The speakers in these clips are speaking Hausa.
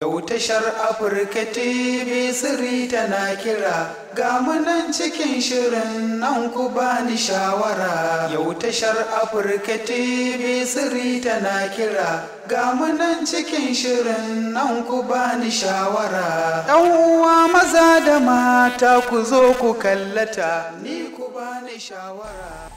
Yau tashar Afirka TV sirri tana kira ga munan cikin shirin nan ku bani shawara. Yau tashar Afirka TV sirri tana kira ga munan cikin shirin nan ku bani shawara. ɗanuwa maza da mata ku zo ku kallata ni ku bani shawara.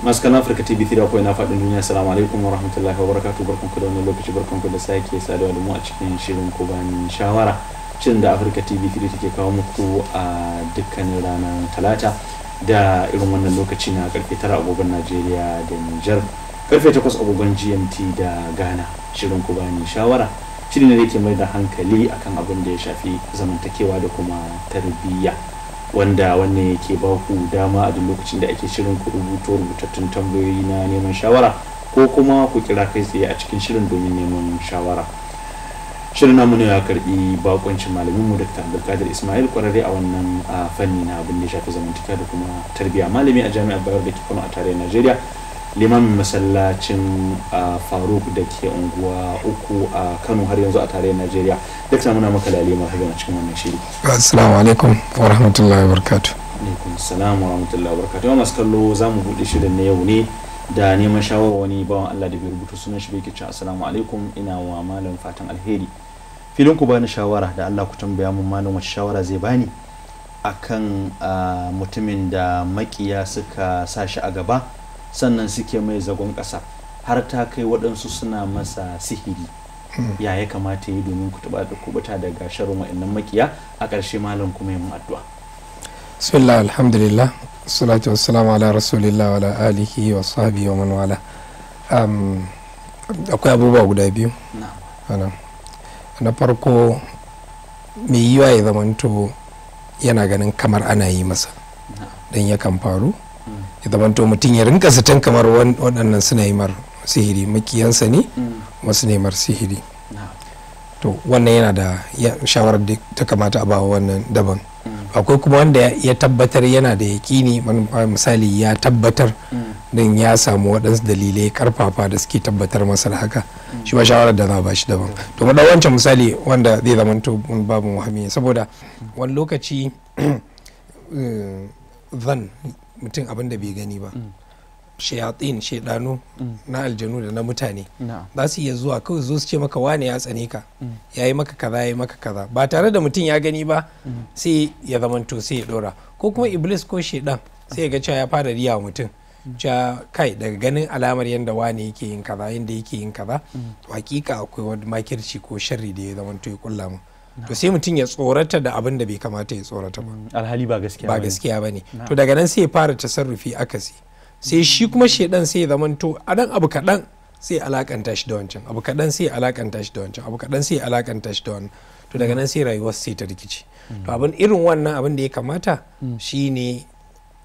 masu kallon afirka tv 3 akwai na faɗin duniya assalamu alaikum wa wabarakatuh barkanku da wannan lokaci barkanku da sake saduwa da mu a cikin shirin ko bani shawara shirin da afirka tv 3 take kawo muku a dukkanin ranar talata da irin wannan lokaci na karfe 9 agogon najeriya da niger karfe 8 agogon gmt da ghana shirin kubani bani shawara shirin da ke mai da hankali akan abin da ya shafi zamantakewa da kuma tarbiyya wanda wannan yake ba ku dama a duk lokacin da ake shirin ku rubuto rubutattun tambayoyi na neman shawara ko kuma ku kira kai tsaye a cikin shirin domin neman shawara shirin namu ne ya karbi bakoncin malamin mu dr abdulkadir ismail kwararre a wannan fanni na abin da ya shafi zamantakewa da kuma tarbiyya malami a jami'ar bayar da ke kano a tarayyar najeriya Liman masallacin faruk da ke unguwa uku a kano har yanzu a tarayyar najeriya duk muna maka lalima har yanzu cikin wannan shiri assalamu alaikum wa rahmatullahi wa barakatu alaikum salam wa rahmatullahi wa barakatu masu kallo za mu buɗe shirin na yau ne da neman shawarar wani bawan allah da bai rubuta sunan shi bai ke assalamu alaikum ina wa malam fatan alheri filin ku bani shawara da allah ku tambaya mun malam wacce shawara zai bani akan mutumin da makiya suka sa shi a gaba sannan suke mai zagon ƙasa har ta kai waɗansu suna masa sihiri hmm. ya ya kamata yi domin kutuba da kubuta daga sharon wa'annan makiya a ƙarshe malam kuma yin addu'a bismillah alhamdulillah salatu wassalamu ala rasulillah wa ala alihi wa sahbihi wa man wala akwai abubuwa guda biyu na farko mai yiwa ya zamanto yana ganin kamar ana yi masa don yakan faru ya zamanto mutum ya rinka zaton kamar waɗannan suna yi mar sihiri makiyansa ne masu mm. nemar sihiri to wannan yana da shawarar da ta kamata a bawa wannan daban mm. akwai kuma wanda ya tabbatar yana da yakini misali ya tabbatar mm. din ya samu waɗansu dalilai karfafa da suke tabbatar masa da haka shi ba shawarar da za a bashi daban to mu wancan misali wanda zai zama to babu muhammi saboda wani lokaci eh, zan mutum abin da bai gani ba mm. shayatin shaidanu mm. na aljanu da na mutane za su iya zuwa kawai zo su ce maka wane ya tsane ka mm. ya yi maka kaza ya yi maka kaza ba tare da mutum ya gani ba sai ya zamanto sai ya dora ko kuma iblis ko shaidan sai ya ga cewa ya fara riya wa mutum ja kai daga ganin alamar yadda wane yake yin kaza yadda yake yin kaza hakika akwai wani makirci ko sharri da ya zamanto ya kulla mu to sai mutum ya tsorata da abin da bai kamata ya tsorata ba alhali ba gaskiya ba gaskiya bane to daga nan sai ya fara tasarrufi akasi sai shi kuma shedan sai ya zamanto a dan abu kadan sai ya alakanta shi da wancan abu kadan sai ya alakanta shi da wancan abu kadan sai ya alakanta shi da wannan to daga nan sai rayuwar sai ta rikici mm. to abin irin wannan abin da ya kamata mm. shine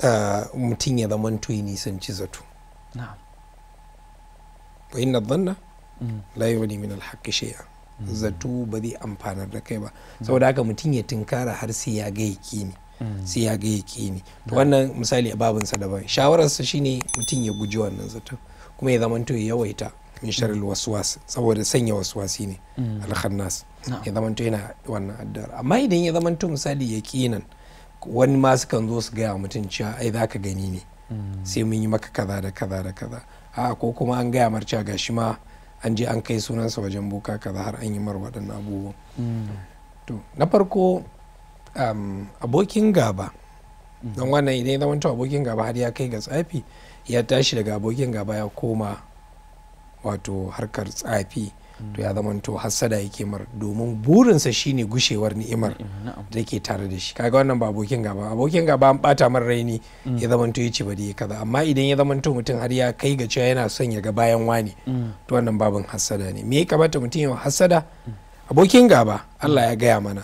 eh, mutum ya zamanto nisan ci zato na'am wa inna dhanna mm. la yughni min al-haqqi shay'an zato ba zai amfanar da kai ba mm. saboda haka mutum ya tunkara har sai ya ga ne mm. sai ya ga yakini to mm. wannan misali a sa daban sa shine mutum ya guji wannan zato kuma ya zamanto ya yawaita min sharil waswas saboda sanya waswasi ne alkhannas ya zamanto yana wannan addu'ar amma idan ya zamanto misali ya kinan wani ma sukan zo su gaya mutum cewa ai za ka gani ne sai mun yi maka kaza da kaza da kaza a ko kuma an gaya ga gashi ma an je an kai sunansa wajen boka kaza har an yi mar waɗannan abubuwan mm. to na farko um, abokin gaba mm. don wannan idan ya zamanto abokin gaba har ya kai ga tsafi ya tashi daga abokin gaba ya koma wato harkar tsafi to ya zamanto hassada yake mar domin burinsa shine gushewar ni'imar da ke tare da shi kaga wannan ba abokin gaba abokin gaba an bata mar raini mm. ya zamanto ya yace ba da kaza amma idan ya zamanto mutum har ya kai ga cewa yana son ya ga bayan wani mm. to wannan babin hassada ne me ya kamata mutum ya hassada abokin gaba Allah ya gaya mana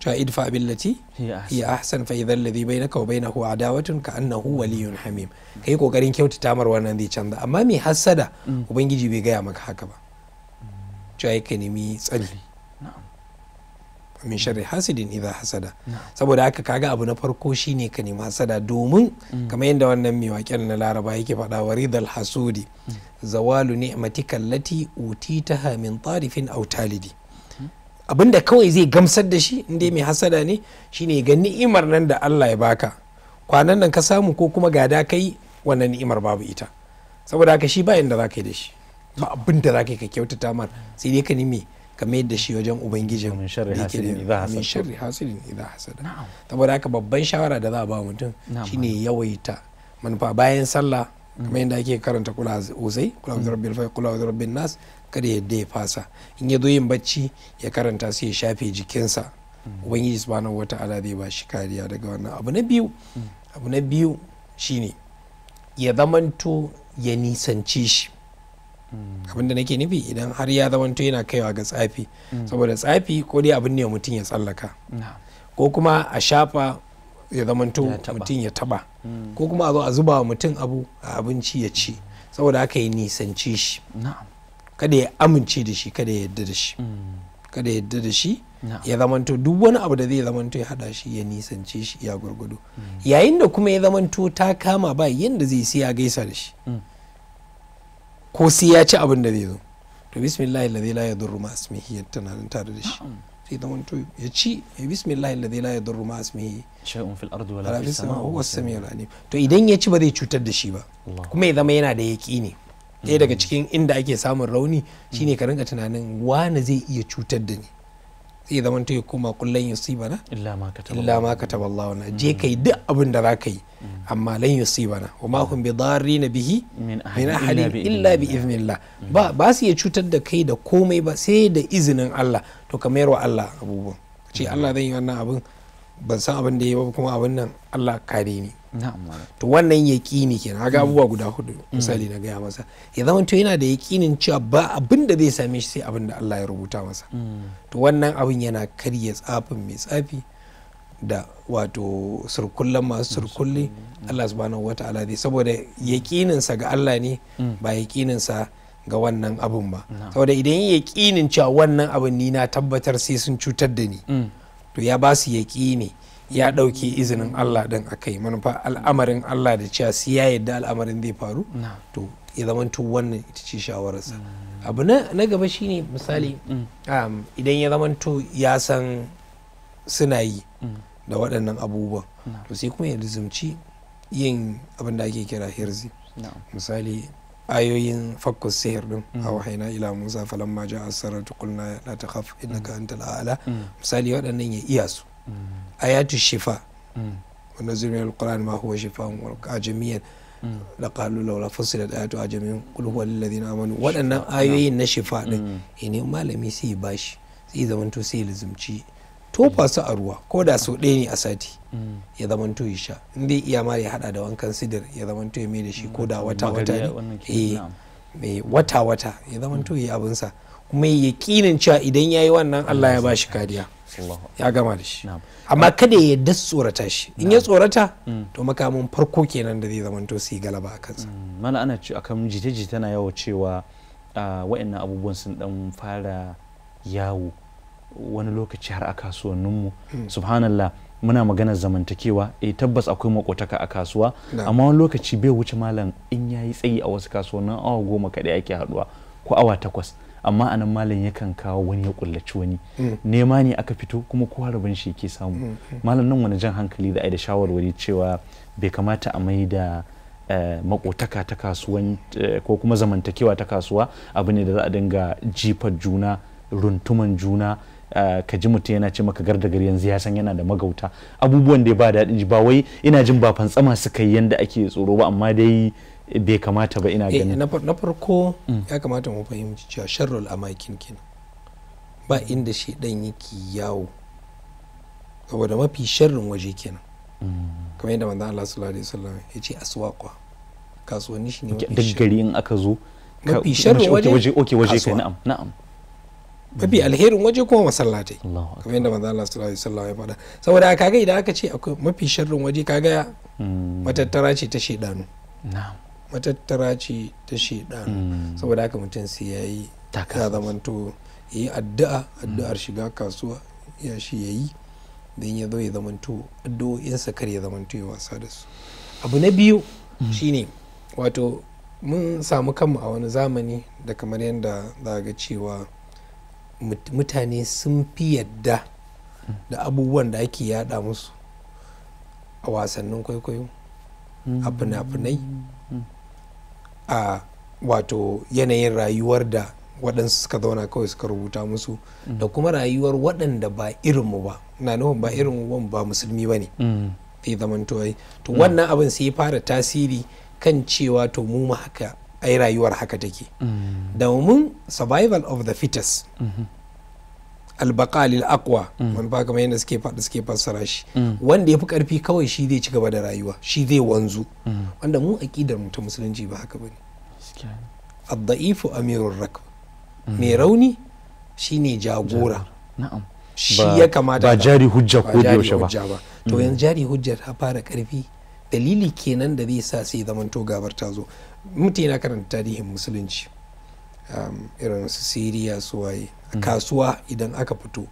cewa idfa billati hiya ahsan fa idhal ladhi bainaka wa bainahu adawatun ka annahu waliyyun hamim kai kokarin kyautata mar wannan zai canza amma me hassada mm. ubangiji bai gaya maka haka ba cewa yake nemi tsari min sharri hasidin idza hasada saboda haka kaga abu na farko shine ka nemi hasada domin mm. kamar yadda wannan mai waken na laraba yake faɗa wa ridal hasudi mm. zawalu ni'matika allati utitaha min tarifin aw talidi mm. abinda kawai zai gamsar da shi inda mai hasada ne shine ga ni'imar nan da Allah ya baka kwanan nan ka samu ko kuma gada kai wannan ni'imar babu ita saboda haka shi ba yanda za ka yi da shi ba abin da zaka ka kyautata mar sai dai ka nemi ka mai da shi wajen ubangijin min sharri hasilin idza hasada saboda haka babban shawara da za a ba mutum shine yawaita manufa bayan sallah mm. kamar yadda ake karanta kula uzai kula uzai mm. rabbil fai kula uzai rabbin nas kada yadda ya fasa in ya zo yin bacci ya karanta sai ya shafe jikinsa mm. ubangiji wata ala zai ba shi kariya daga wannan abu na biyu abu na biyu shine ya zamanto ya nisanci shi abin da nake nufi idan har ya zamanto yana kaiwa ga tsafi saboda tsafi ko dai abin ne mutum ya tsallaka ko kuma a shafa ya zamanto mutum ya taba mm. ko kuma a zo a zuba wa mutum abu a abinci ya ci saboda haka yi nisanci shi kada ya amince da shi kada ya yadda da shi mm. kada ya yadda da shi ya zamanto duk wani abu da zai zamanto ya hada shi ya nisanci shi ya gwargwado mm. yayin da kuma ya zamanto ta kama ba yadda zai sai ya gaisa da shi ko sai ya ci abin da zai zo to bismillah alladhi la yadurru ma ismihi yattana nan tare da shi sai da wani ya ci ya bismillah alladhi la yadurru ma ismihi shay'un fil ardi wala fis sama'i huwa as-sami'ul alim to idan ya ci ba zai cutar da shi ba kuma ya zama yana da yaqini ɗaya daga mm. cikin inda ake samun rauni mm. shine ka rinka tunanin wani zai iya cutar da ni zai zama ta kuma kullun yusibana illa bana illa ma ka taba Allah wana je kai duk abin da zaka yi amma lan yusibana wa ma hum na bihi min halin illa bi iznillah ba ba su ya cutar da kai da komai ba sai da izinin Allah to ka mayar wa Allah abubuwan ce Allah zan yi wannan abin ban san abin da ya ba kuma abin nan Allah kare ni to wannan yaƙini kenan haka abubuwa guda hudu misali na gaya masa ya zama to yana da yaƙinin cewa ba abin da zai same shi sai abin da Allah ya rubuta masa to wannan abin yana karya tsafin mai tsafi da wato surkullen masu surkulli Allah subhanahu wata'ala dai saboda yaƙininsa ga Allah ne ba sa ga wannan abin ba saboda idan yaƙinin cewa wannan abin ni na tabbatar sai sun cutar da ni mm. to ya ba su ne ya ɗauki izinin Allah ɗin a kai manufa al'amarin Allah da cewa su ya yadda al'amarin zai faru to ya zamanto wannan ita ce shawararsa abu na gaba shine misali mm. um, idan ya zamanto ya san suna yi mm. da waɗannan abubuwan to sai kuma ya zumci yin abin da ake kira hirzi misali ayoyin fakkus sihir din mm. a wahaina ila musa falamma ja na ta la takhaf innaka mm. antal a'la mm. misali waɗannan ya iya su ayatu shifa wa nazir min alquran ma huwa shifa'un wal ajamiyan da qalu laula fusilat ayatu ajamiyan qul huwa lil ladina amanu waɗannan ayoyin na shifa din ne malami sai bashi sai zamantu sai lazumci tofa su a ruwa ko da sau ɗaya ne a sati mm. ya zama to ya sha in dai iya ma ya hada da wankan sidir ya zama to ya mai da shi ko da mm. wata wata ne eh, mai wata wata ya zama to mm. ya abin sa kuma ya kinin cewa idan yi wannan Allah ya bashi kariya ya gama da shi amma kada ya yadda tsorata shi in ya tsorata to makamin farko kenan da zai zama to su yi galaba a kansa mana ana ce akan jita-jita na yawo cewa ah, wa'annan abubuwan sun dan fara yawo wani lokaci har a kasuwanninmu subhanallah muna maganar zamantakewa eh tabbas akwai makotaka a kasuwa amma wani lokaci bai wuce malam in ya yi tsayi a wasu kasuwannin awa goma kaɗai ake haɗuwa ko awa takwas amma anan malam yakan kawo wani ya kullaci wani mm. nema ne aka fito kuma kowa rabin shi ke samu mm, mm. malam nan wani jan hankali da ai da shawarwari cewa bai kamata a mai da eh, makotaka ta kasuwan eh, ko kuma zamantakewa ta kasuwa abu ne da za a dinga jifar juna runtuman juna Eh, ka ji mutum yana ce maka garda gari yanzu ya san yana da magauta abubuwan da ba daɗin ji ba wai ina jin ba fantsama suka yi yanda ake tsoro ba amma dai bai kamata ba ina eh, ganin na farko mm. ya kamata mu fahimci cewa sharrul amakin kin ba inda shi dan yake yawo saboda mafi sharrin waje kenan mm. kamar yadda manzo Allah sallallahu alaihi wasallam ya ce aswaqa kasuwanni shi ne mafi gari in aka zo mafi sharrin waje oke waje kai na'am na'am mafi alherin waje kuma masallatai kamar yadda manzo Allah sallallahu alaihi wasallam ya faɗa saboda kaga idan aka ce akwai mafi sharrin waje kaga hmm. matattara ce ta shedanu matattara ce ta shedanu hmm. saboda haka mutum sai yayi ya zamanto yi addu'a addu'ar hmm. shiga kasuwa ya shi yayi dan ya zo ya zamanto addu'o'insa kar ya zamanto ya wasa da su abu na biyu shine wato mun samu kanmu a wani zamani da kamar yadda za ga cewa mutane sun fi yadda da abubuwan da ake yada musu a wasannin kwaikwayo a fina-finai a wato yanayin rayuwar da waɗansu suka zauna kawai suka rubuta musu da kuma rayuwar waɗanda ba irinmu ba na nufin ba irinmu ba musulmi ba ne fi mm. zaman to wannan abin sai fara tasiri kan cewa to mu haka ai rayuwar haka take domin survival of the fittest albakalil akwa wani ba kamar yadda suke faɗi suke fassara shi wanda ya fi ƙarfi kawai shi zai ci gaba da rayuwa shi zai wanzu wanda mu aƙidar mu ta musulunci ba haka bane ad-da'ifu amirur rakb mai rauni shine jagora shi ya kamata ba jari hujja ko da yaushe ba to yanzu jari hujja ta fara ƙarfi dalili kenan da zai sa sai zamanto gabar ta zo mutum yana karanta tarihin musulunci um, irin su siriya su waye a mm. kasuwa idan aka fito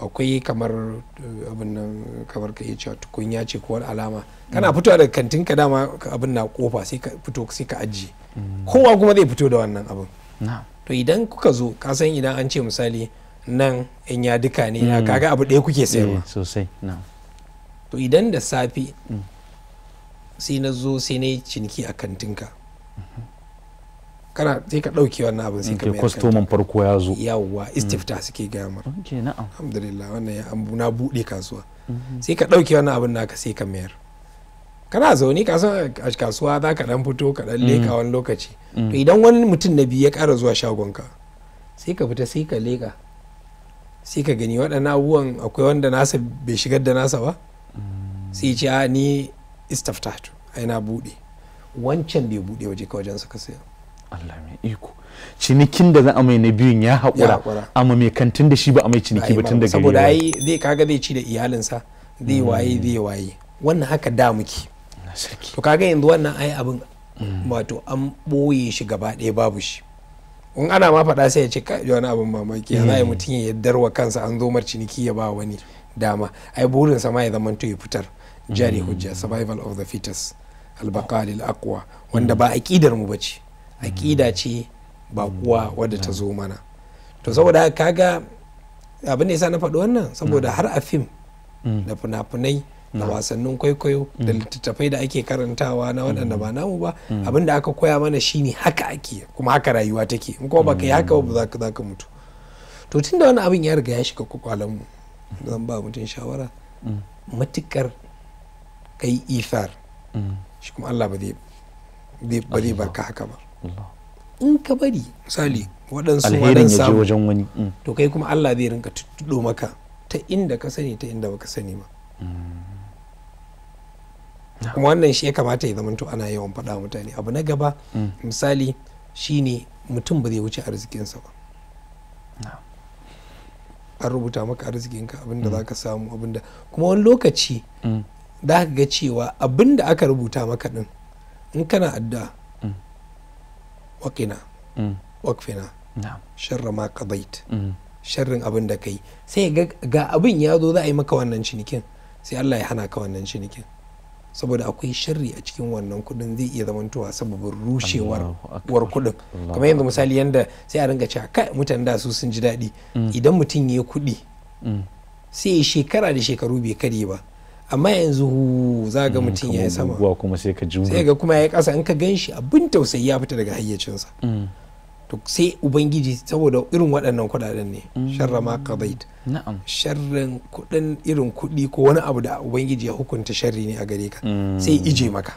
akwai kamar uh, abin nan kamar ka cewa tukunya ce ko alama kana mm. fitowa daga kantin ka dama abin na kofa sai ka fito sai ka ajiye mm. kowa kuma zai fito da wannan abin to idan kuka zo ka san idan an ce misali nan in ya duka ne ya kaga abu ɗaya kuke eh, sayarwa sosai to idan da safe sai na zo sai na yi ciniki a kantinka kana sai ka ɗauki wannan abin sai ka mai kwastoman farko ya zo yawwa mm. istifta suke gaya alhamdulillah wannan ya ambu na buɗe kasuwa mhm. sai ka ɗauki wannan abin naka sai ka mayar kana zaune a kasuwa za ka dan fito ka dan leka mm. wani lokaci to mm. idan wani mutum na biyu ya ƙara zuwa shagonka sai ka fita sai ka leka sai ka gani waɗannan abubuwan akwai wanda nasa bai shigar da nasa ba sai ce a ni istaftatu a yana bude wancan bai bude waje ka wajen suka sayar Allah mai iko cinikin da za a mai na biyun ya haƙura amma mai kantin da shi ba a mai ciniki ba tun daga saboda ai zai kaga zai ci da iyalinsa zai hmm. waye zai waye wannan haka da muke to kaga yanzu wannan ai abin hmm. wato an ɓoye shi gaba ɗaya babu shi in ana ma faɗa sai ya ce kai wani abin mamaki ya zai hmm. mutum ya yaddarwa kansa an zo ciniki ya ba wani dama ai burinsa ma ya zamanto ya fitar jari hujja survival of the fetus albakali akwa wanda ba aƙidar mu bace aƙida ce ba kuwa wadda ta zo mana to saboda kaga abin da yasa na faɗi wannan saboda har a fim da fina-finai da wasannin kwaikwayo da littattafai da ake karantawa na waɗanda ba namu ba abin da aka koya mana shine haka ake kuma haka rayuwa take in kuma baka yi haka ba za ka mutu to tun da wani abin ya riga ya shiga kwakwalen mu zan ba mutum shawara matukar kai ifar shi kuma Allah ba zai barka haka ba in ka bari misali waɗansu waɗansu ya je wajen wani mm. to kai kuma Allah zai rinka tuddo maka ta inda ka sani ta inda baka sani ba mm. kuma wannan shi ya kamata ya zama to ana yawan faɗa mutane abu na gaba mm. misali shine mutum ba zai wuce arzikinsa ba an rubuta maka arzikinka abinda za ka samu abinda kuma wani lokaci za ga cewa abin da aka rubuta maka din in kana adda mm. waƙina mm. waƙfina sharra ma bait mm. sharrin abin da kai sai ga abin ya zo za a yi maka wannan cinikin sai Allah ya hana ka wannan cinikin saboda akwai sharri a cikin wannan kudin zai iya zamantowa sababin rushewar war kudin kamar yanzu misali yanda sai a ringa cewa kai mutane da su sun ji daɗi idan mutum ya kuɗi sai shekara da shekaru bai karye ba amma yanzu za ga mm, mutum ya yi sama kuma sai ka sai ga kuma ya yi ƙasa in ka gan shi abin tausayi ya fita daga hayyacinsa mm. to sai ubangiji saboda irin waɗannan kuɗaɗen ne mm. sharra ma qadait sharrin kuɗin irin kuɗi ko wani abu da ubangiji ya hukunta sharri ne a gare ka sai ije maka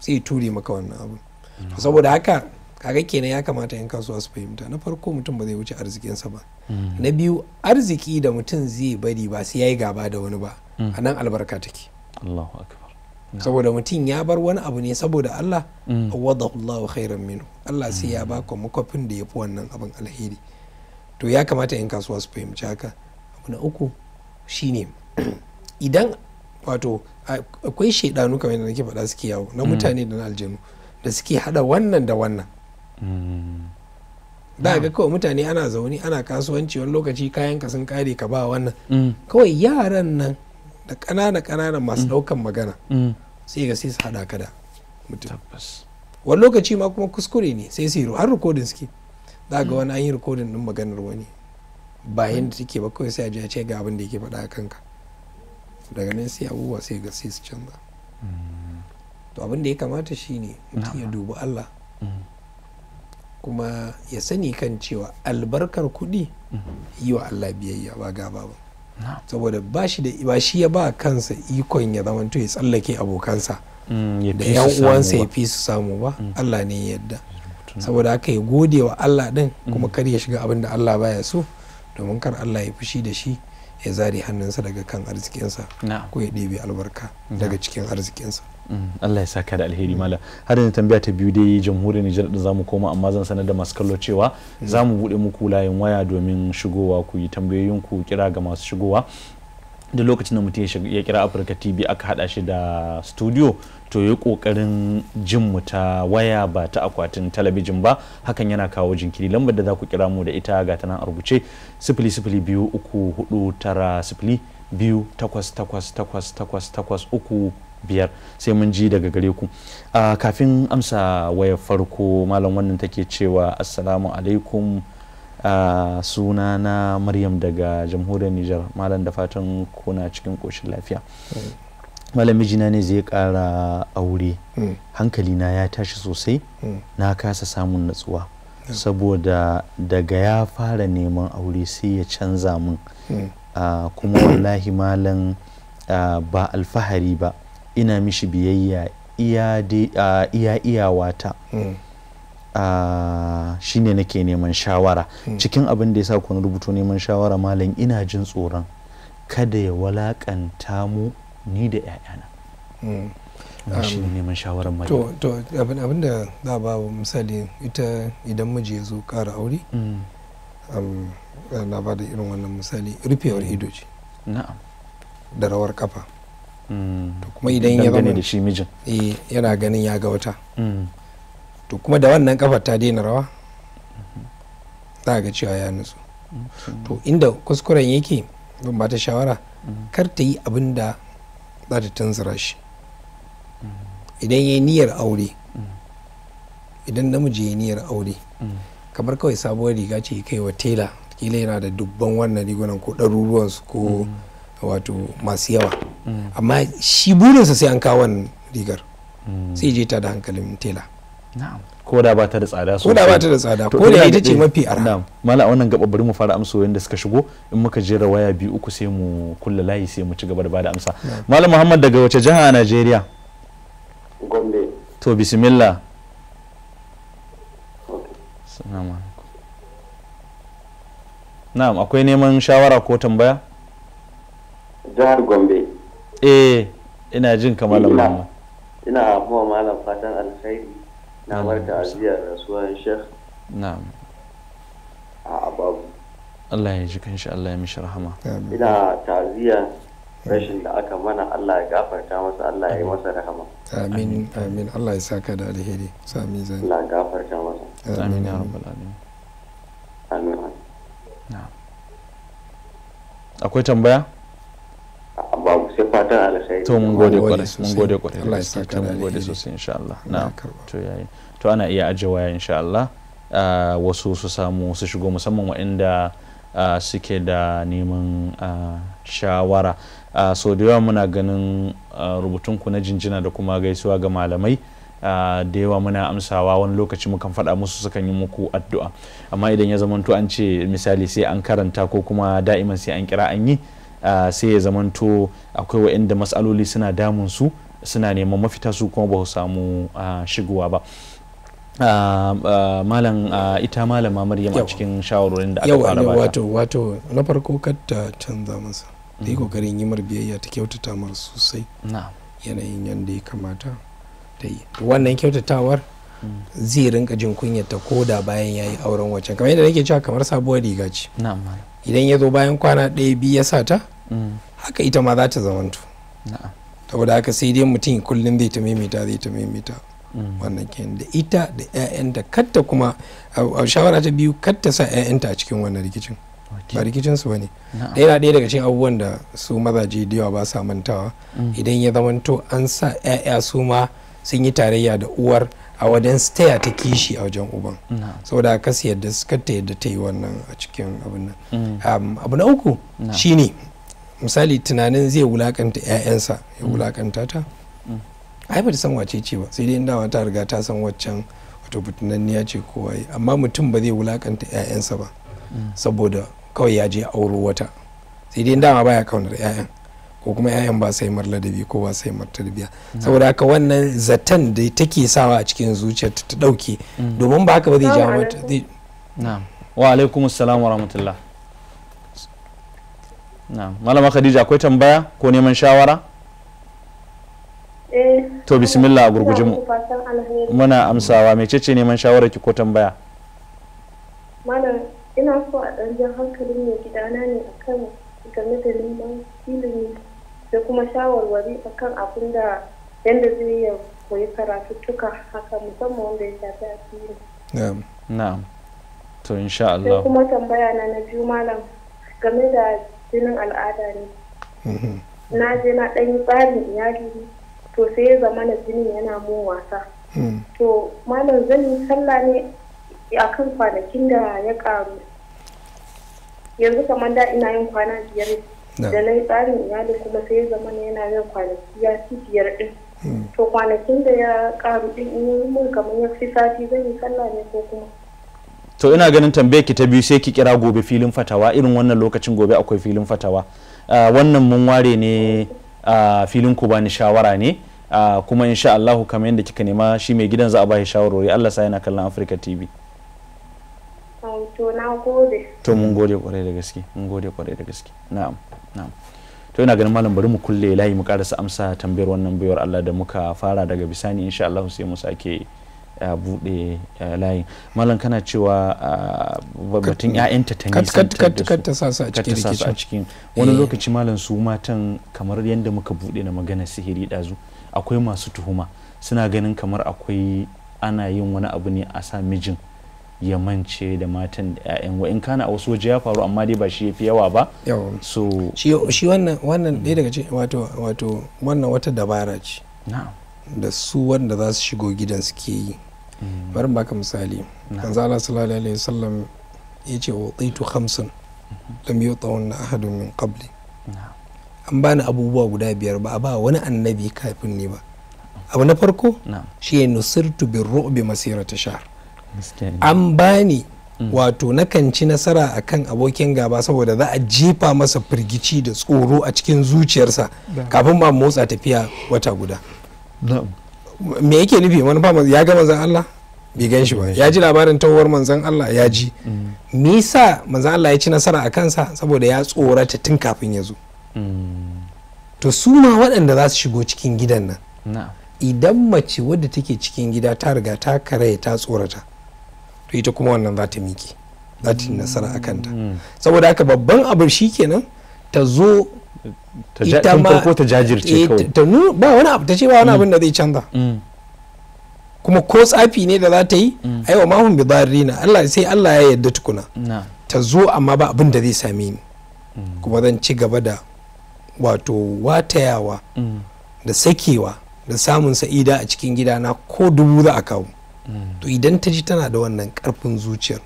sai ture maka wannan abu saboda haka kaga kenan ya kamata yan kasuwa su fahimta na farko mutum ba zai wuce arzikinsa ba na biyu arziki da mutum zai bari ba sai ya yi gaba da wani ba a nan albarka take Allahu akbar saboda mutum ya bar wani abu ne saboda Allah mm. wadda Allahu khairan minu. Allah sai ya mm. baka makwafin da ya fi wannan abin alheri to ya kamata yin kasuwa su fahimci haka abu na uku shine idan wato akwai shaidanu kamar yadda nake faɗa suke yawo na mm. mutane da na aljanu da suke hada wannan da wannan da ga kawai mutane ana zaune ana kasuwanci wani lokaci kayan ka sun kare ka ba wannan kawai yaran nan da ƙanana ƙanana masu mm. ɗaukan magana mm. sai ga sai su haɗa ka da wani lokaci ma kuma kuskure ne sai su yi har rikodin suke za ga mm. wani an yi rikodin din maganar wani bayan da take ba kawai sai a ji a ce ga abin da yake faɗa a kanka daga nan sai abubuwa sai ga sai su canza to abin da ya kamata shi ne. mutum ya dubi Allah kuma ya sani kan cewa albarkar kuɗi yi wa Allah biyayya ba ga ba saboda ba shi da ba shi ya ba kansa ikon ya zamanto ya tsallake abokansa mm, da yan uwansa ya fi su samu ba mm. Allah ne ya yadda saboda aka yi gode wa Allah din kuma mm. kar ya shiga abin da Allah baya so domin kar Allah ya fushi da shi ya zare hannunsa daga kan arzikinsa ko ya ɗebe albarka daga cikin arzikinsa Mm. Allah ya saka da alheri mala har yanzu tambaya ta biyu dai jamhuriyar Nijar din zamu koma amma zan sanar da masu kallo cewa zamu bude muku layin waya domin shigowa ku yi tambayoyin ku kira ga masu shigowa da lokacin da mutum ya kira Africa TV aka hada shi da studio to yi kokarin jin mu ta waya ba ta akwatin talabijin ba hakan yana kawo jinkiri lambar da za ku kira mu da ita ga ta nan a rubuce biyu uku sifili biyu takwas takwas takwas takwas takwas uku biyar sai mun ji daga gare ku kafin amsa waya farko malam wannan take cewa assalamu alaikum suna na maryam daga jamhuriyar nijar malam da fatan kuna cikin koshin lafiya mm. malam mijina ne zai kara aure mm. hankali na ya tashi sosai mm. na kasa samun natsuwa saboda daga ya fara neman aure sai ya canza mun. kuma wallahi malam ba alfahari ba ina mishi biyayya iya iyawata hmm. shi ne nake neman shawara hmm. cikin abin da ya sa ku rubuto neman shawara malam ina jin tsoron kada ya walakanta mu ni da 'ya'yana hmm. um, shi ne neman shawarar malam to abin da za a ba misali ita idan miji ya zo kara aure um, na ba da irin wannan misali rufewar hidoji na'am da rawar kafa Mm. to kuma idan ya gane da shi mijin eh yana ganin ya ga wata mm. to kuma da wannan kafar ta daina rawa mm-hmm. za ga cewa ya nutsu mm-hmm. to inda kuskuren yake ban ba ta shawara mm-hmm. kar ta yi abin da za ta tanzura shi idan ya yi niyyar aure idan namiji ya yi niyyar aure kamar kawai sabuwar riga ce kai wa tela kila yana da dubban wannan rigunan ko ɗaruruwansu ko wato masu yawa amma shi burinsa sai an kawo rigar sai je ta da hankalin tela ko da ba ta da tsada ko da ba ta da tsada ko da ita ce eh, mafi arha mala wannan gaba bari mu fara amsa da suka shigo in muka jera waya biyu uku sai mu kulla layi sai mu ci gaba da bada amsa malam muhammad daga wace jiha a najeriya gombe to bismillah na'am akwai neman shawara ko tambaya jihar gombe eh ina jin kamar mama. ina abuwa malam fatan alkhairi na marta aziyar rasuwar sheikh na'am a ababu Allah ya ji kanshi Allah ya mishi rahama ina ta'aziyya rashin da aka mana Allah ya gafarta masa Allah ya yi masa rahama amin amin Allah ya saka da alheri sami zai Allah ya gafarta masa amin ya rabbal alamin amin akwai tambaya to ya saka mun gode na ana iya aje waya insha Allah ah, wasu su samu su shigo musamman waɗanda ah, suke da neman ah, shawara so da yawa muna ganin rubutunku na jinjina da kuma gaisuwa ga malamai da yawa muna amsawa wani lokaci mukan faɗa musu sukan yi muku addu'a amma idan ya zamanto an ce misali sai an karanta ko kuma da'iman sai an kira an yi sai ya zamanto akwai wa'inda matsaloli suna damun su suna neman mafita su kuma ba su samu shigowa ba malam ita malama maryam a cikin shawarorin da aka fara ba wato wato na farko katta canza masa da yi mm. kokarin yi mar biyayya ta kyautata mar sosai yanayin yadda ya kamata ta yi wannan kyautatawar mm. zai rinka jin kunyata ko da bayan ya yi auren wacan kamar yadda nake cewa kamar sabuwar riga ce idan ya zo bayan kwana ɗaya biyu ya sata mm. haka ita ma za ta zamanto saboda haka sai dai mutum kullum zai ta maimaita zai ta maimaita mm. wannan kenan da ita da 'ya'yanta katta kuma a shawara ta biyu katta sa 'ya'yanta a cikin wannan rikicin ba rikicin su bane ɗaya na ɗaya daga cikin abubuwan da su mazaje da yawa ba sa mantawa mm. idan ya zamanto an sa 'ya'ya su ma sun yi tarayya da uwar a wajen staya ta kishi a wajen uban saboda ka yadda suka ta yadda ta yi wannan a cikin abin nan mm. um, abu na uku shine misali tunanin zai wulakanta 'ya'yansa ya mm. wulakanta ta mm. ai ba ta san wace ce ba sai dai inda ta riga ta san waccan wato ya ce kowa yi amma mutum ba zai wulakanta 'ya'yansa ba saboda kawai ya je auro wata sai dai dama baya kaunar 'ya'yan ko kuma 'ya'yan ba sai mar ladabi ko ba sai mar tarbiya saboda haka wannan zaton da take sawa a cikin zuciyar ta dauke mm. domin ba haka ba zai jawo mata na'am wa alaikum assalam wa rahmatullah na'am malama khadija akwai tambaya ko neman shawara eh, to bismillah gurguje mu muna amsawa cece neman shawara ki ko tambaya malam ina so a ɗan jan hankalin mai gidana ne akan game da neman ilimi da kuma shawarwari akan abin da yadda zai yi koyi tuka haka musamman wanda ya shafi addini. Na'am. To insha Allah. Sai kuma tambaya na na biyu malam game da jinin al'ada ne. Mhm. Na je na ɗan tsarin iyali to sai ya zama na jinin yana mun wasa. Mhm. To malam zan yi sallah ne akan kwanakin da ya ƙaru. Yanzu kamar da ina yin kwana biyar da na yi tsarin iyali kuma sai zama ne yana yin kwanaki ya fi biyar din hmm. to kwanakin da ya karu din in mun kamar ya fi sati zan yi sallah ne ko kuma to ina ganin tambaye ki ta biyu sai ki kira gobe filin fatawa irin wannan lokacin gobe akwai filin fatawa ah, wannan mun ware ne ah, filin ku bani shawara ne ah, kuma insha Allahu kamar yadda kika nema shi mai gidan za a ba shi shawarwari Allah sa yana kallon Africa TV to na gode to mun gode kwarai da gaske mun gode kwarai da gaske na'am na'am to ina ganin malam bari mu kulle layi mu karasa amsa tambayar wannan bayar Allah da muka fara daga bisani insha Allah sai mu sake bude layin malam kana cewa batun ƴaƴanta ta kat kat su ta sa a cikin wani eh. lokaci malam su matan kamar yadda muka bude na magana sihiri dazu akwai masu tuhuma suna ganin kamar akwai ana yin wani abu ne a sa mijin ya mance da matan da 'ya'yan wa in kana a wasu waje ya faru amma dai ba shi ya fi yawa ba so shi wannan wannan dai daga cikin wato wato wannan wata dabara ce da su wanda za su shigo gidan suke yi mm. bari baka misali manzo Allah sallallahu alaihi wasallam yace wa qaitu khamsun mm-hmm. tsawon na ahadun min qabli an bani abubuwa guda biyar ba a ba wani annabi kafin ne ba abu na farko shi ne nusirtu bin masira masirata shahar an bani mm. wato nakan ci nasara akan abokin gaba saboda za a jefa masa firgici da tsoro a cikin zuciyarsa kafin ma motsa tafiya wata guda me yake nufi wani ya ga manzan Allah bai gan shi ba ya ji labarin tawar manzan Allah ya ji mm. me sa manzan Allah ya ci nasara a kansa saboda ya tsorata tun kafin ya zo mm. to su ma waɗanda za su shigo cikin gidan nan idan mace wadda take cikin gida ta riga ta karaya ta tsorata to ita kuma wannan za ta miƙe za ta nasara a kanta mm. Mm. saboda haka babban abin shi kenan ta zo ita ma ta jajirce eh, kawai ba wani abu ta ce ba wani mm. abin da zai canza kuma ko tsafi ne da za ta yi a yawa mahun bi na Allah sai Allah ya yarda tukuna ta zo amma ba abin da zai same ni kuma zan ci gaba da wato watayawa da sakewa da samun sa'ida a cikin gidana ko dubu za a kawo to idan ta ji tana da wannan karfin zuciyar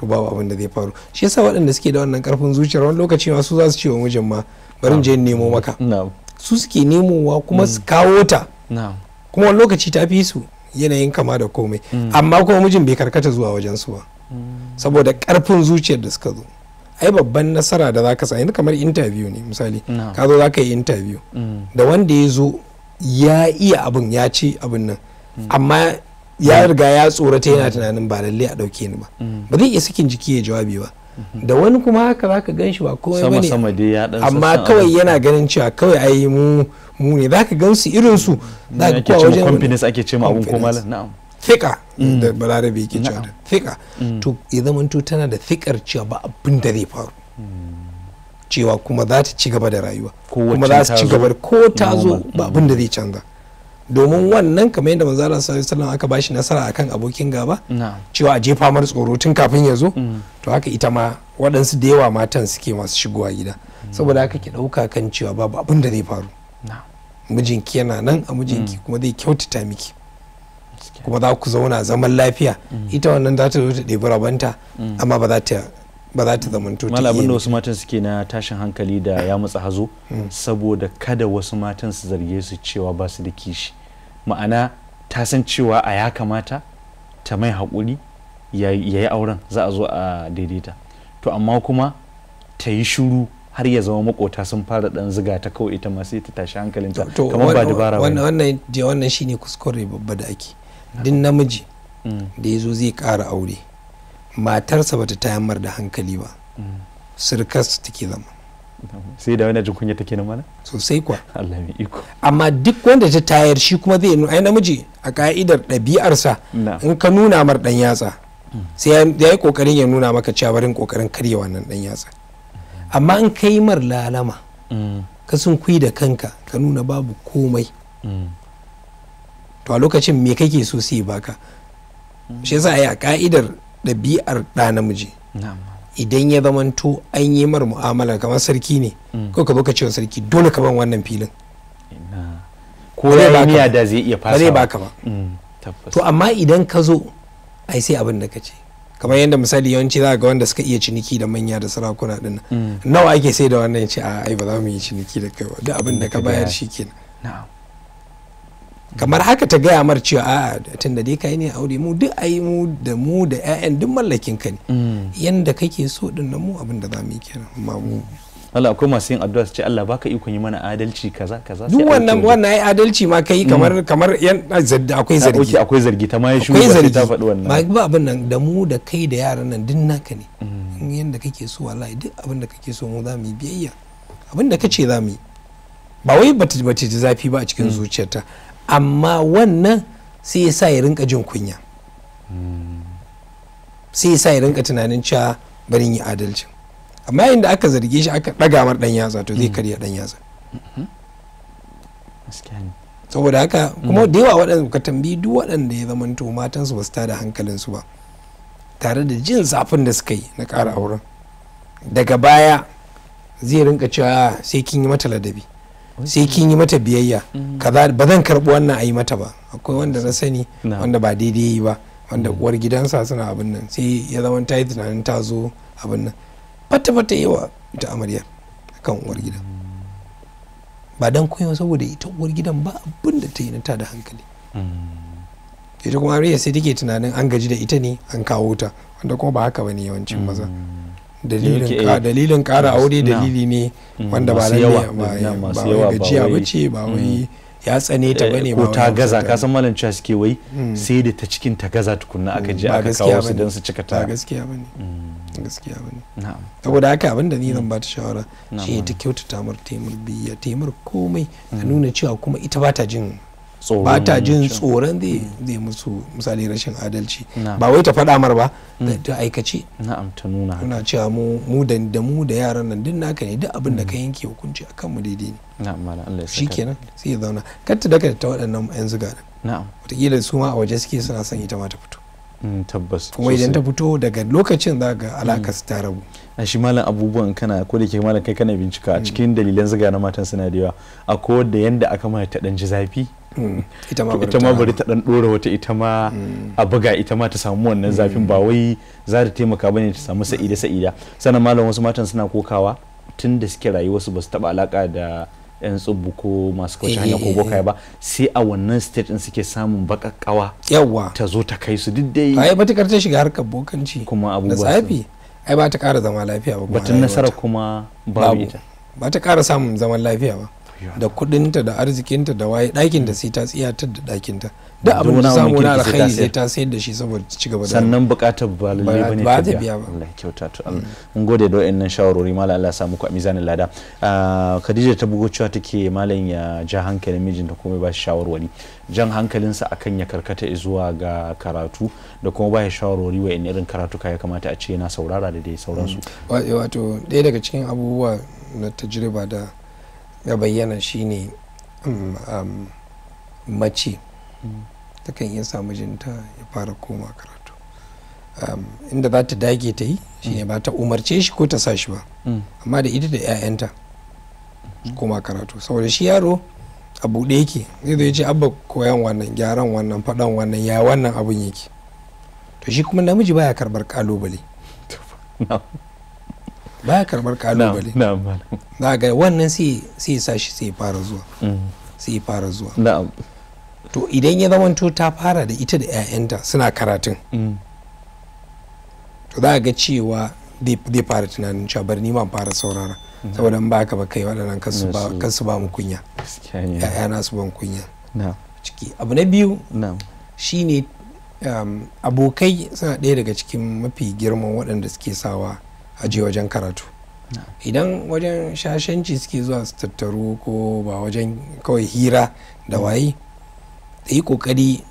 to babu abin da zai faru shi yasa waɗanda suke da wannan karfin zuciyar wani lokaci ma su za su ce wa mijin ma bari je nemo maka su suke nemowa kuma su mm. kawo ta kuma wani lokaci ta fi su yanayin kama da komai mm. amma kuma mijin bai karkata zuwa wajen su ba mm. saboda karfin zuciyar da suka zo ai babban nasara da zaka sa yanzu kamar interview ne misali ka zo zaka yi interview da wanda ya zo ya iya abin ya ci abin nan amma ya riga ya tsorata yana tunanin ba lalle a dauke ni ba ba zai iya sakin jiki ya jawabi ba da wani kuma haka zaka gan shi ba komai ba ne amma kawai yana ganin cewa kawai ai mu mu ne zaka gan su irin su zaka kuwa wajen confidence ake ce abun ko malam na'am fika mm. da balarabe yake cewa fika mm. to ya to tana da fikar cewa ba abin da zai faru mm. cewa kuma za ta ci gaba da rayuwa kuma za su ci gaba ko ta zo ba abin da zai canza domin wannan kamar yadda manzo Allah sallallahu alaihi aka bashi nasara akan abokin gaba cewa a jefa mar tsoro tun kafin ya zo mm. to haka ita ma waɗansu da yawa matan suke masu shigowa gida mm. saboda haka ki ɗauka kan cewa babu abin da zai faru mijinki yana nan a mijinki mm. kuma zai kyautata miki kuma za ku zauna zaman lafiya ita wannan za ta zo ta ɗebi rabanta amma ba za ta ba za ta zamanto ta da wasu matan suke na tashin hankali da ya matsa hazo saboda kada wasu matan su zarge su cewa ba su da kishi ma'ana ta san cewa a ya kamata ta mai haƙuri ya yi auren za a zo a daidaita to amma kuma ta yi shuru har ya zama makota sun fara dan ziga ta kawai ita masu ta tashi hankalinta kamar ba wannan wannan je wannan shine kuskure babba da ake din namiji mm. da yazo zai kara aure matarsa bata tayammar da hankali ba mm. sirkas take zama sai da wani jin take nan mana sosai kuwa Allah mai iko amma duk wanda ta tayar shi kuma zai ai namiji a ka'idar ɗabi'arsa in ka nuna mar dan yatsa sai ya yi kokarin ya nuna maka cewa barin kokarin karya wannan dan yatsa amma in ka yi mar lalama mm. ka sun kui da kanka ka nuna babu komai mm. to a lokacin me kake so sai baka mm. shi yasa yi a ka'idar ɗabi'ar ɗa namiji idan ya zamanto an yi mar mu'amala kamar sarki ne mm. ko ka baka cewa sarki dole ka ban wannan filin ko ya ka da zai iya fasa ba zai baka ba mm, to amma idan ka zo ai sai abin da ka ce kamar yadda misali yawanci za ga wanda suka iya ciniki da manya da sarakuna din mm. nawa ake sai da wannan ya ce a ai ba za mu yi ciniki da kai ba duk abin da ka bayar kenan na'am kamar haka ta gaya mar cewa a tun da dai kai ne aure mu duk a mu da mu da 'ya'yan duk mallakin ka ne mm. yanda kake so din nan mu abin da za mu yi kenan amma mu Allah akwai masu yin addu'a su ce Allah baka ikon yi mana adalci kaza kaza duk wannan wannan ai adalci ma kai mm. kamar kamar yan akwai zargi akwai zargi ta ma ya ba ta faɗi wannan ba abin nan da mu da kai da yaran nan duk naka ne mm. yanda kake so wallahi duk abin da kake so mu za mu yi biyayya abin da kace za mu yi ba wai bata bata ji zafi ba a cikin zuciyarta amma wannan sai ya sa ya rinka jin kunya sai ya sa ya rinka tunanin cewa barin yi adalci amma yayin da aka zarge shi aka ɗaga mar ɗan yatsa to zai mm. karya ɗan yatsa mm-hmm. saboda haka mm. kuma da yawa waɗanda ka tambayi duk waɗanda ya zamanto matansu ba su tada su ba tare da jin zafin da suka yi na ƙara auren daga baya zai rinka cewa ah, sai kin yi mata ladabi sai kin yi mata biyayya mm. kaza ba zan karbi wannan a yi mata ba akwai wanda na sani wanda ba daidai yi ba wanda mm. uwar gidansa suna abin nan sai ya zama ta yi tunanin ta zo abin nan fata fata yawa ita amarya kan uwar gidan ba dan koyo saboda ita uwar gidan ba abin da ta yi na tada hankali mm. ita kuma amarya sai take tunanin an gaji da ita ne an kawo ta wanda kuma ba haka bane yawancin maza dalilin kara eh. aure dalili ne mm, wanda ba masu yawa gajiya ba ce mm. ba wai ya tsane ta eh, bane ba ta gaza ka san malam cewa suke wai mm. sai da ta cikin ta gaza tukunna aka je aka kawo su don su cika ta gaskiya bane gaskiya bane na'am saboda haka abinda ni zan ba ta shawara shi ta kyautata mur taimur biya taimur komai ta nuna cewa kuma ita ba ta jin ba ta jin tsoron zai musu misali rashin adalci ba wai ta faɗa mar ba ta mm. aikace na'am ta nuna muna cewa mu mu da mu da yaran nan duk naka ne duk abin da ka mm. yanke hukunci akan mu daidai ne na'am mala Allah ya saka shikenan sai ya zauna kar ta daka ta waɗannan yan zuga na'am wataƙila su ma a waje suke suna son ita ma ta fito Mm, tabbas kuma idan ta fito daga lokacin za ga alaka ta rabu a shi malam abubuwan kana ko da ke malam kai kana bincika a cikin dalilan ziga na matan suna da yawa ko da yanda aka mai ta dan ji zafi mm, ita ma bari ta dan dora wata ita ma mm. a buga ita ma ta samu wannan zafin ba wai za ta taimaka bane ta samu sa'ida sa'ida sanan malam wasu matan suna kokawa tun da suke rayuwa su ba su taba alaka da yan tsubu ko masu kwace hanyar eh, eh, ko eh, kai ba sai a wannan state din suke samun bakakkawa yawa ta zo ta kai su duk dai ai matakar ta shiga harkar bokanci kuma abubuwa da tsafi ai ba ta kara zama lafiya ba batun nasara kuma babu ita ba ta kara samun zaman lafiya ba da kudinta da arzikinta da waye ɗakinta sai ta tsiya ta da ɗakinta da abin da samu na alkhairi sai ta sayar da shi saboda ci gaba da sannan bukatar ba lalle bane ba ta biya ba Allah kyauta to Allah mun gode da wayannan shawarwari mallam Allah ya samu ku a mizanin lada ah, Khadija ta bugo cewa take mallam ya ja hankalin mijinta kuma ba shi shawarwari jan hankalinsa akan ya karkata zuwa ga karatu da kuma ba shi shawarwari wa irin ka ya kamata a ce yana saurara da dai sauransu mm. wato ɗaya daga cikin abubuwa na tajriba da ya bayyana shine um, um, mace hmm. ta kan iya sa mijinta ya fara koma karatu um, inda za ta dage ta yi shine hmm. ba ta umarce shi ko ta sa shi ba hmm. amma da ita da 'ya'yanta koma karatu saboda shi yaro a buɗe yake zai zai ce abba koyan wannan gyaran wannan faɗan wannan ya wannan abun yake to shi kuma namiji baya karɓar ƙalubale baya karbar kalubale na. ga wannan sai sai sa shi sai fara zuwa mm. sai fara zuwa to idan ya zamanto ta fara da ita da 'ya'yanta suna karatun mm. to za ga cewa zai fara tunanin cewa bar ni man fara saurara mm. saboda ba ka ba kai waɗannan kansu ba mu kunya na su ban kunya ciki abu na biyu shine um, abokai suna ɗaya daga cikin mafi girman waɗanda suke sawa aje je wajen karatu idan wajen shashanci suke zuwa su tattaru ko ba wajen kawai hira da mm. waye da yi kokari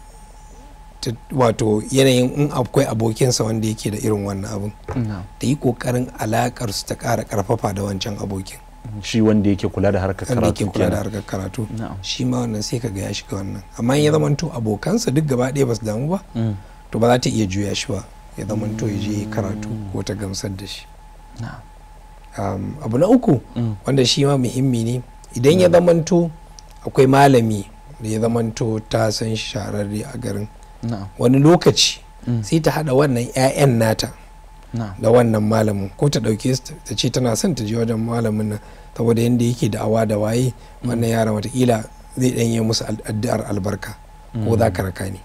wato yanayin in akwai abokinsa wanda yake da irin wannan abin da yi kokarin alakar su ta kara karfafa da wancan abokin shi wanda yake kula da harkar karatu yake kula da harkar karatu shi ma wannan sai ka ga ya shiga wannan amma ya zama to abokansa duk gaba ɗaya ba su damu ba mm. to ba za ta iya juya shi ba ya zama to ya je karatu mm. ko ta gamsar da shi Um, abu na uku mm. wanda shi ma muhimmi ne idan ya mm. zamanto akwai malami da ya zamanto ta san shararre a garin wani lokaci mm. sai ta hada wannan 'ya'yan nata da wannan malamin ko ta dauke ta ce tana son ta je wajen malamin nan saboda yadda yake da awa da waye wannan yara watakila zai yi musu addu'ar albarka ko za ka raka ne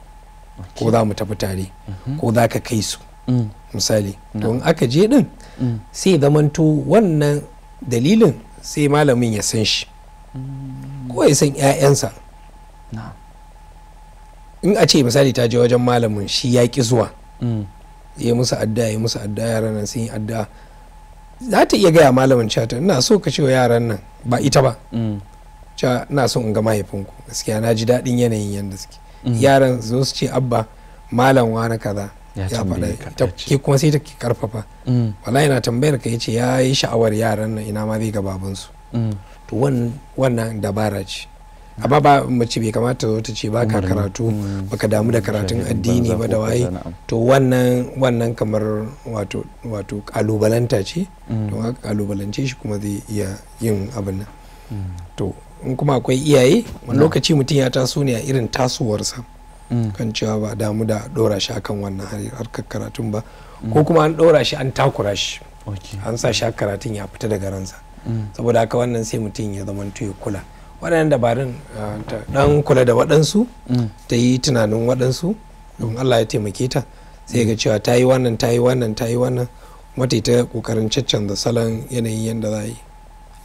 ko za mu tafi tare mm-hmm. ko za ka kai su misali don aka je din sai zamanto wannan dalilin sai malamin ya san shi ko ya san 'ya'yansa in a ce misali ta je wajen malamin shi ya ki zuwa mm. ya musu adda ya musu adda yaran nan sun yi adda za ta iya gaya malamin cewa ina so ka cewa yaran nan ba ita ba mm. cewa ina so in ga mahaifinku gaskiya na ji daɗin yanayin yadda suke mm. yaran zo su ce abba malam wani kaza ya faɗa ke kuma sai ta ke karfafa mm. wallahi na tambayar ka yace ya yi sha'awar yaran nan ina ma zai ga babansu mm. to wannan dabara ce amma ba mace bai kamata zo ta ce ba ka karatu mm. baka damu da karatun addini ba da waye to wannan kamar wato wato kalubalanta ce to haka kalubalance shi kuma zai iya yin abin nan to in kuma akwai iyaye wani lokaci mutum ya taso ne a irin tasowarsa kan cewa ba damu da dora shi akan wannan harkar karatun ba mm. ko kuma an dora shi an takura shi an sa shi karatun ya fita daga ransa mm. saboda haka wannan sai mutum ya zama ya kula waɗannan dabarun dan ah, kula da waɗansu mm. ta yi tunanin waɗansu don Allah ya taimake ta sai ga cewa ta yi wannan ta yi wannan ta yi wannan mata ta kokarin caccanza salon yanayin yadda za yi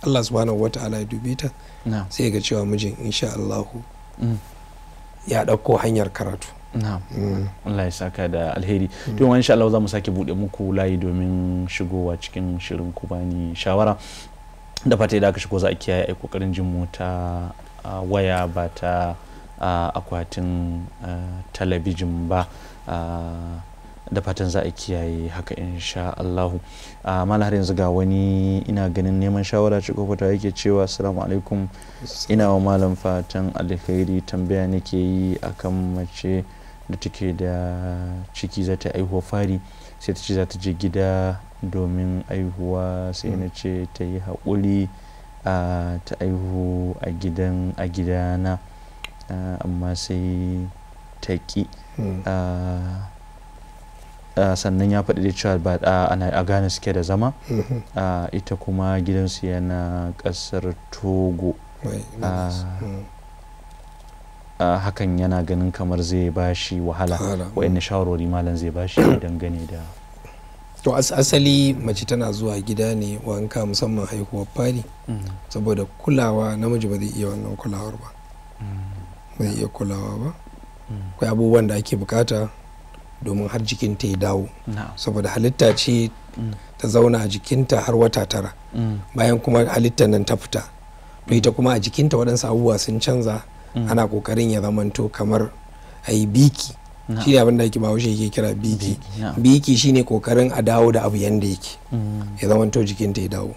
Allah subhanahu wa ta'ala ya dube ta sai ga cewa mijin insha Allahu ya ɗauko hanyar karatu mm. Allah ya saka da alheri to wani mm. insha Allah za mu sake buɗe muku layi domin shigowa cikin shirin ku bani shawara da fata idan aka shigo za a kiyaye a kokarin jin mu waya ba ta akwatin talabijin ba da fatan za a kiyaye haka insha Allahu a mala har yanzu ga wani ina ganin neman shawara ci kofa ta yake cewa assalamu alaikum ina wa malam fatan alkhairi tambaya nake yi akan mace da take da ciki za ta aihuwa fari sai ta ce za ta je gida domin aihuwa sai na ce ta yi haƙuri ta aihu a gidan a gidana amma sai ta ki. Ah, sannan ya faɗi da cewa ba ah, a ghana suke da zama mm-hmm. ah, ita kuma gidansu yana ƙasar togo mm. hakan yana ganin kamar zai bashi wahala wa'in mm. shawarwari malam zai bashi gane da to asali mace tana zuwa gida ne wanka musamman haihuwar fari mm. saboda kulawa namiji ba zai iya wannan kulawar ba zai iya kulawa ba akwai abubuwan da ake bukata domin har jikinta ya dawo saboda halitta ce mm. ta zauna a jikinta har wata tara mm. bayan kuma halitta nan ta fita to ita kuma a jikinta waɗansu abubuwa sun canza mm. ana kokarin ya zamanto kamar a yi biki shi ne abinda ake bahaushe yake kira biki biki shine kokarin a dawo da abu yanda yake ya zamanto jikinta ya dawo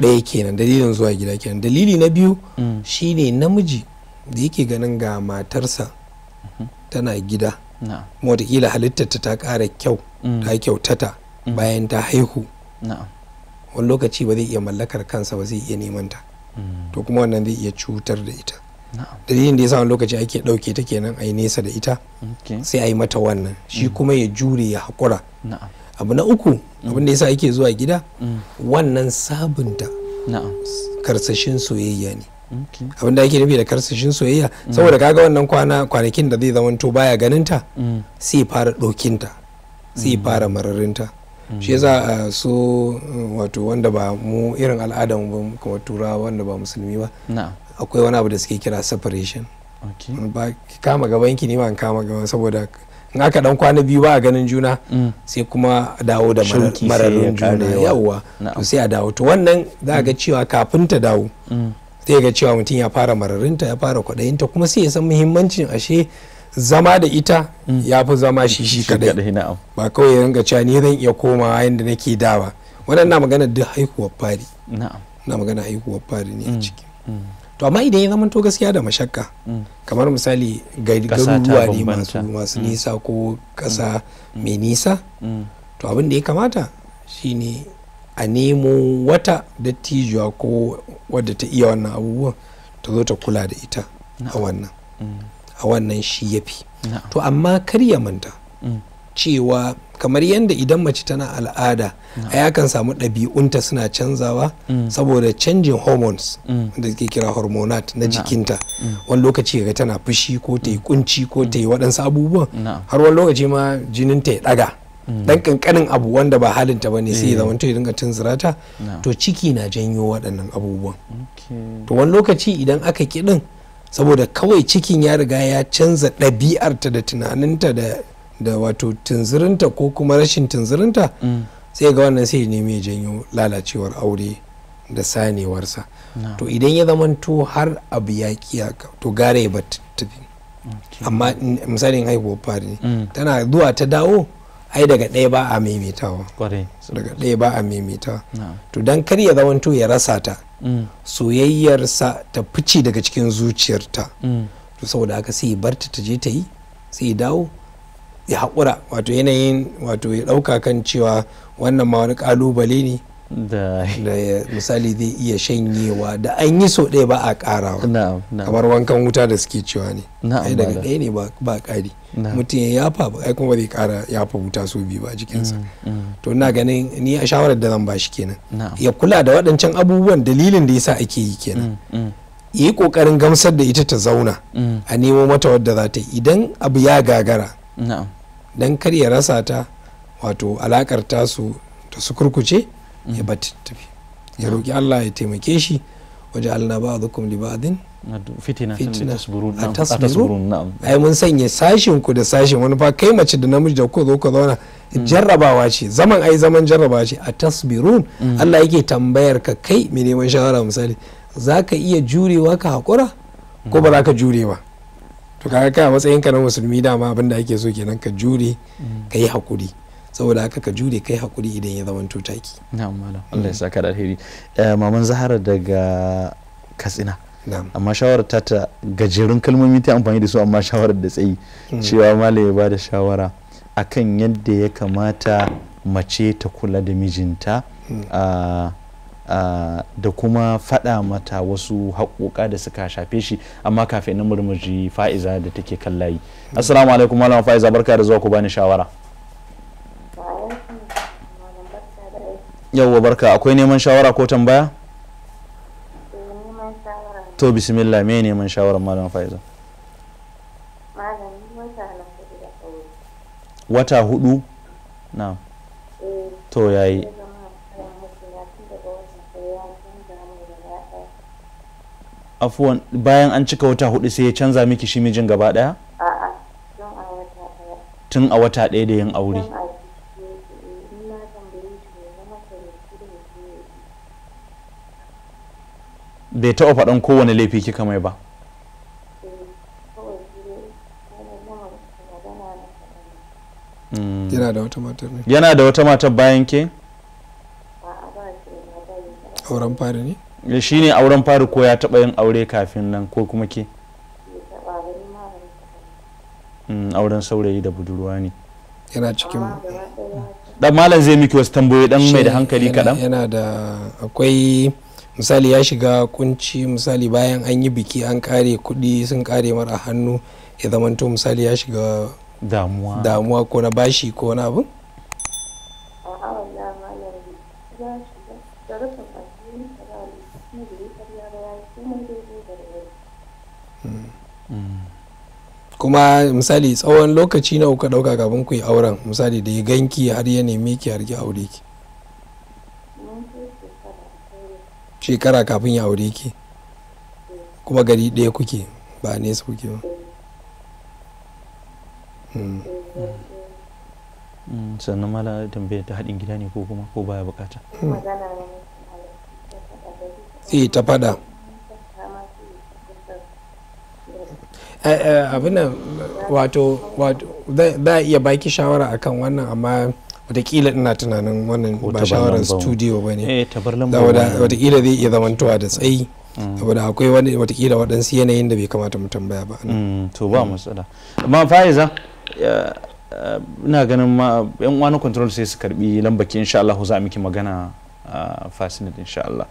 ɗaya kenan dalilin zuwa gida kenan dalili na biyu shine namiji da yake ganin ga matarsa mm-hmm. tana gida watakila halittarta ta ƙara kyau mm. ta kyautata mm. bayan ta haihu wani lokaci ba zai iya mallakar kansa ba zai iya neman ta mm. to kuma wannan zai iya cutar da ita dalilin da ya wani lokaci ake ɗauke ta kenan a yi nesa da ita sai a yi mata wannan shi kuma ya jure ya haƙura abu na uku abin da sa ake zuwa gida wannan sabunta karsashin soyayya ne abinda ake nufi da karsashin soyayya saboda kaga wannan kwana kwanakin da zai zamanto baya ganinta mm. sai fara ɗokinta sai mm. fara mararinta mm. shi yasa uh, su uh, wato wanda ba mu irin al'adar kuma turawa wanda ba musulmi ba akwai wani abu da suke kira separation ba kama gaban ki ne ba kama gaban saboda in aka dan kwana biyu ba a ganin juna sai kuma dawo da mararin juna yawwa to sai a dawo to wannan za ga cewa kafin ta dawo zai ga cewa mutum ya fara mararinta ya fara kwaɗayinta kuma sai ya san muhimmancin ashe zama da ita mm. ya fi zama shi shi kadai ba kawai ya ringa cewa ni zan iya komawa yadda nake da ba wannan na magana duk haihuwar fari na magana haihuwar fari ne a mm. ciki mm. to amma idan ya zama to gaskiya da mashakka kamar misali garuruwa ne masu nisa ko kasa mai nisa to abin da ya kamata shine a nemo wata dattijuwa ko wadda ta iya wannan abubuwan ta zo ta kula da ita a wannan mm. a wannan shi ya fi to amma karya manta mm. cewa kamar yadda idan mace tana al'ada a yakan samu ɗabi'unta suna canzawa mm. saboda canjin hormones da ke kira hormonat na jikinta wani lokaci ga tana fushi ko ta yi kunci ko ta yi waɗansu abubuwan har wani lokaci ma jininta ya ɗaga Mm. dan kankanin abu wanda ba halinta ba ne sai ya eh. zama ya dinga tunzirata. to ciki na janyo waɗannan abubuwan to wani lokaci idan aka kiɗin saboda kawai cikin ya riga ya canza ɗabi'arta da tunaninta da wato tunzurinta ko kuma rashin tunzurinta mm. sai ga wannan sai nemi ya janyo lalacewar aure da sanewarsa to idan ya zamanto har abu ya kiya to gare ya tafi amma misalin haihuwar fari mm. tana zuwa ta dawo ai daga ɗaya ba a maimaitawa daga ɗaya ba a maimaitawa to dan kar ya zamanto ya rasa ta mm. soyayyarsa ta fice daga cikin zuciyarta mm. to saboda haka sai barta ta je ta yi sai dawo ya haƙura wato yanayin wato ya ɗauka kan cewa wannan ma wani ƙalubale ne da misali zai iya shanyewa da an yi sau ɗaya ba a ƙarawa kamar wankan wuta da suke cewa ne ai daga ɗaya ne ba ƙari mutum ya yafa ai kuma zai ƙara yafa wuta so biyu ba jikinsa mm, mm. to ina ganin ni a shawarar da zan ba shi kenan ya kula da waɗancan abubuwan dalilin da ya sa ake yi kenan mm, yi ƙoƙarin gamsar da ita ta zauna a nemo mata wadda za ta yi idan abu ya gagara dan kar ya rasa ta wato alakar tasu ta su kurkuce ya bata tafi ya roki Allah ya taimake shi waje alna ba zukum li ba'din fitina a tasbiru ai mun sanya sashen ku da sashen. wani fa kai mace da namiji da ku zo ka zauna hmm. jarrabawa ce zaman ai zaman jarrabawa ce a tasbirun hmm. Allah yake tambayar ka kai mai neman shawara misali zaka iya jurewa ka hakura ko ba za ka jure ba to kaga kai a matsayin ka na musulmi dama abinda ake so kenan ka jure hmm. ka yi hakuri saboda haka ka jure kai hakuri idan ya zama taki na'am malam mm. Allah ya saka da alheri eh, maman Zahara daga Katsina amma shawarar ta ta gajerun kalmomi ta amfani da su amma shawarar da tsayi mm. cewa malam ya ba da shawara akan yadda ya kamata mace ta kula da mijinta mm. da kuma fada mata wasu haƙoƙa da suka shafe shi amma kafin na murmuji fa'iza da take kallayi assalamu alaikum malam fa'iza barka da zuwa ku bani shawara yawwa barka akwai neman shawara ko tambaya eh, to bismillah me neman shawarar malam faizan. wata hudu na eh, to yayi afuwan bayan an cika wata hudu sai ya canza miki shi mijin gaba daya tun a wata daya da yin aure bai taɓa faɗan kowane laifi kika mai ba hmm. yana da wata matar ne yana da wata matar bayan ke auren fari ne eh, shi ne auren fari ko ya taɓa yin aure kafin nan ko kuma ke hmm, auren saurayi da budurwa ne yana cikin dan malam zai miki wasu tambayoyi dan mai da hankali kaɗan yana da akwai misali ya shiga kunci misali bayan an yi biki an kare kuɗi sun kare mara hannu ya zamanto misali ya shiga damuwa ko na bashi ko na abin hmm. kuma misali tsawon lokaci na uka dauka kafin ku yi auren misali da ya ganki har ya nemi ki har ki aure ki shekara kafin ya aure ki kuma gari ɗaya kuke ba nesa kuke ba hmm. Hmm, sannan mala tambaya ta haɗin gida ne ko kuma ko baya bukata eh ta fada eh, eh, abin wato za a iya baki shawara akan wannan amma watakila ina tunanin wannan ba shawarar studio ba ne eh, watakila zai iya zamantowa da tsayi mm. saboda akwai wani watakila waɗansu yanayin da bai kamata mu tambaya ba mm, to ba matsala amma fa'iza eh, ina ganin ma yan wani control sai su karbi lambaki insha Allah za miki magana a fasinit insha Allah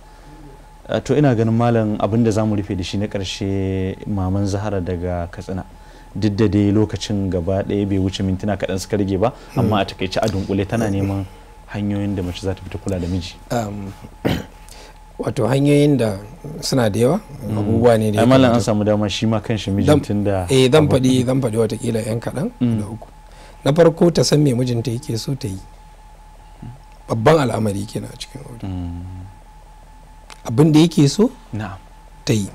eh, to ina ganin malam abinda za mu rufe da shi na karshe maman zahara daga katsina duk da dai lokacin gaba ɗaya bai wuce mintuna kaɗan suka rage ba amma a takaice a dunkule tana neman hanyoyin da mace za ta fita kula da miji um, wato hanyoyin da suna da yawa mm. abubuwa ne da ya an samu dama shi ma kan shi mijin tun da eh zan faɗi zan faɗi watakila yan kaɗan mm. da uku na farko ta san me mijinta yake so ta yi babban al'amari kenan a cikin wuri mm. abin da yake so ta yi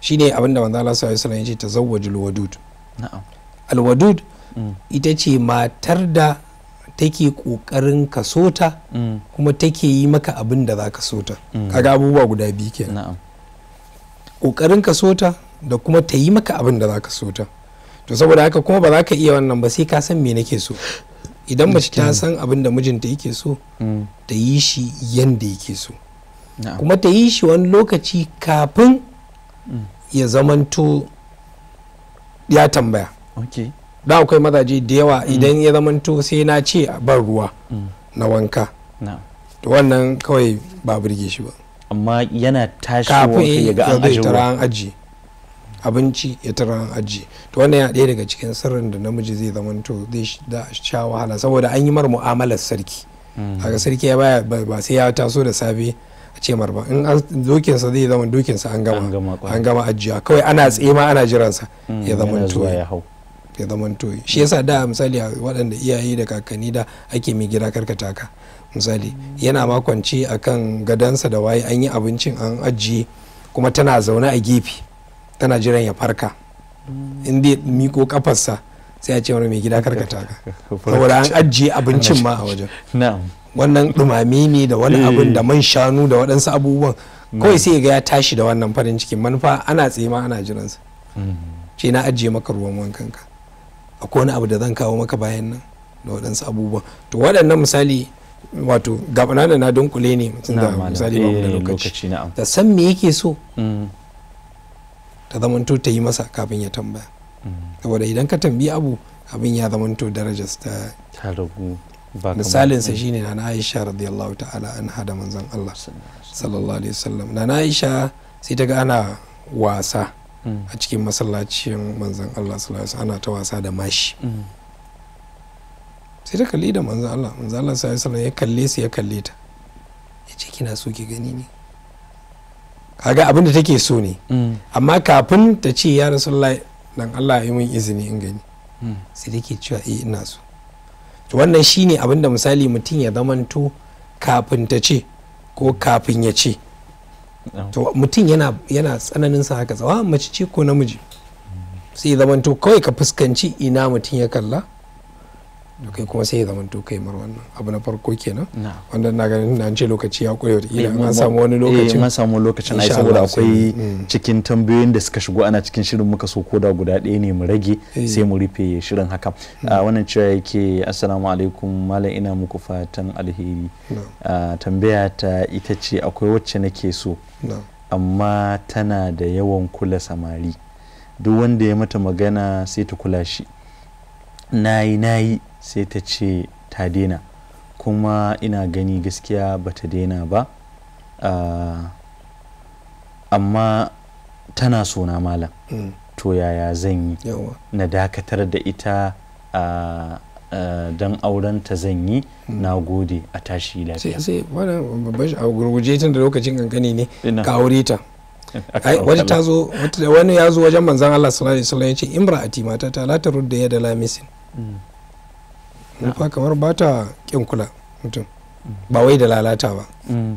shine abin da manzo Allah sallallahu alaihi wasallam ya ce tazawwajul wadud na'am alwadud mm. ita ce matar da take kokarin ka sota mm. kuma take yi maka abin da za ka sota mm. kaga abubuwa guda biyu kenan na'am kokarin ka sota da kuma ta yi maka abin da za ka sota to saboda haka kuma ba za ka iya wannan ba sai ka san me nake so idan mace ta san abin da mijinta yake so ta yi shi yanda yake so kuma ta yi shi wani lokaci kafin ya zamanto ya tambaya da akwai mazaje da yawa mm. idan ya zamanto sai na ce a ban ruwa mm. na wanka to wannan kawai ba burge shi ba amma yana tashi kafin ya ga an aji abinci ya tara an aji to wannan ya ɗaya daga cikin sirrin da namiji zai zamanto zai sha wahala saboda an yi mar mu'amalar sarki mm. kaga sarki ya baya ba sai ya taso da safe a ce marba in dokinsa zai zama dokinsa an gama an gama ajiya kawai ana tsema ana jiransa mm, ya zama tuwa ya zama toyi shi yasa da misali waɗanda iyaye da kakanni da ake mai gida karkata ka misali yana makwanci akan gadansa da waye an yi abincin an ajiye kuma tana zaune a gefe tana jiran ya farka mm. in dai miko kafarsa sai a ce wani mai gida karkata ka saboda an ajiye abincin ma a wajen wannan dumami ne da wani abin da mm. man shanu da waɗansu abubuwan mm. kawai sai ga ya tashi da wannan farin cikin manufa ana tsema ana jiransa ce mm. na ajiye maka ruwan wankanka akwai wani abu da zan kawo maka bayan nan da waɗansu abubuwan to waɗannan misali wato gabana da na dunkule ne mutum da misali ba da eh, lokaci da san me yake so ta zamanto ta yi masa kafin ya tambaya saboda idan ka tambayi abu abin ya zamanto darajar ta misalinsa shine na aisha radiyallahu ta'ala an hada manzon Allah sallallahu alaihi wasallam na aisha sai ta ga ana wasa mm. a cikin masallacin manzon Allah sallallahu alaihi ana ta wasa da mashi mm. sai ta kalli da manzon Allah manzon Allah sallallahu alaihi ya kalle su ya kalle ta ya ce kina so ki gani ne kaga abin da take so ne mm. amma kafin ta ce ya rasulullahi dan Allah ya yi min izini in gani sai take cewa eh ina so wannan shine abin da misali mutum ya zamanto kafin ta ce ko kafin ya ce to mutum yana tsananin sa haka tsawa mace ko namiji sai zamanto kawai ka fuskanci ina mutum ya kalla dukai kuma sai ya zama to kai wannan abu na farko kenan wanda na ganin na ce lokaci ya koyo da ila an samu wani eh, lokacin an samu lokacin ai saboda akwai cikin mm. tambayoyin da suka shigo ana cikin shirin muka so koda guda ɗaya ne mu rage eh. sai mu rufe shirin haka mm. ah, wannan cewa yake assalamu alaikum malam ina muku fatan alheri ah, tambaya ta ita ce akwai wacce nake so amma tana da yawan kula samari duk wanda ya mata magana sai ta kula shi nayi nayi sai ta ce ta dena kuma ina gani gaskiya ba ta dena ba ah, amma tana sona malam mm. to yaya zan yi na dakatar da ita a ah, ah, don aurenta zan yi mm. na gode a tashi lafiya sai wannan babban gurguje tun da lokacin kankani ne ka aure ta wani ta zo wani ya zo wajen manzan Allah sallallahu alaihi wasallam ya ce imra'ati mata ta da ya da lamisin mm. nufa kamar ba ta kin kula mutum ba wai da lalata ba mm.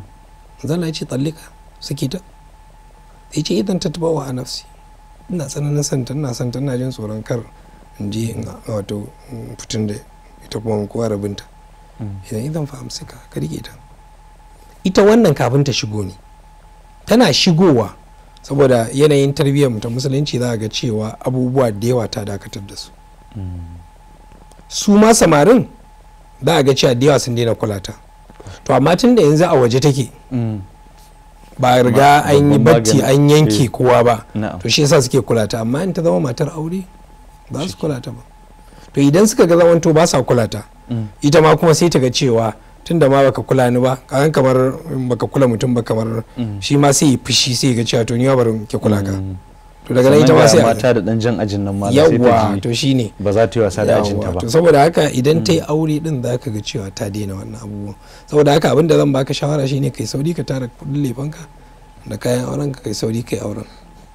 zan ya ce tsallika suke ta ya ce idan ta taba wa a nafsi ina tsananin santa ina santa ina jin tsoron kar in je in wato fitin da ita kuma kowa rabinta mm. idan idan fa amsika ka rike ta ita wannan kafin ta shigo ne tana shigowa saboda yanayin tarbiyyar mutum musulunci za a ga cewa abubuwa da yawa ta dakatar da su mm. su ma samarin za a ga cewa da yawa sun daina kulata to amma tun da yanzu a waje take mm. ba riga an yi batti an yanke eh. kowa ba to shi yasa suke kulata amma in ta zama matar aure ba su kulata ba to idan suka ga to ba sa kulata mm. ita ma kuma sai ta ga cewa tun da ma baka kula ni ba kan kamar baka kula mutum ba kamar mm. shi ma sai ya fushi sai ya ga cewa to ni ba barin ke kula ka to daga nan ita ma sai mata da dan jan ajin nan ma sai yawa to shine ba za ta yi wasa da ajin ta ba to saboda haka idan mm. ta yi aure din za ka ga cewa ta daina wannan abubuwan saboda haka abinda zan baka shawara shine kai sauri ka tara kudin lefanka da kayan auren ka kai sauri kai auren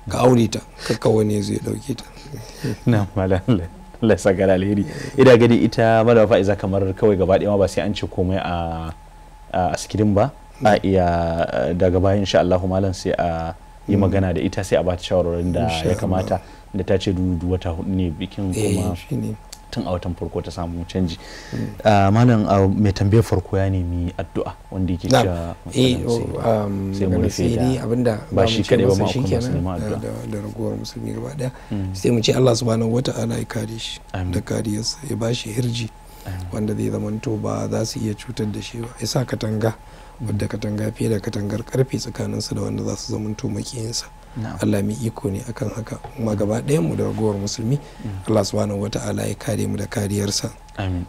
ka aure ta kawo wani zai dauke ta na malalai Allah sa gara alheri ina gani ita malama iza kamar kawai gaba ɗaya ma ba sai an ce komai a a ba a mm. iya daga bayan insha Allah malam sai a yi magana da ita sai a bata shawarwarin da ya kamata da ta ce dudu wata hudu ne bikin eh, kuma tun a watan farko ta samu canji hmm. ah, malam ah, mai tambayar farko ya nemi addu'a wanda yake cewa eh, oh, um, sai mu rufe da kadai ba ma kuma su nemi addu'a da ragowar musulmi gaba daya hmm. sai mu ce Allah subhanahu wata'ala ya kare shi da kariyarsa ya bashi hirji wanda zai zamanto ba za su iya cutar da shi ba ya sa katanga wadda katanga fiye da katangar karfe tsakanin su da wanda za su zamanto makiyinsa Allah mai iko ne akan haka kuma gaba ɗayan mu da ragowar musulmi mm. Allah subhanahu wata'ala ya kare mu da kariyarsa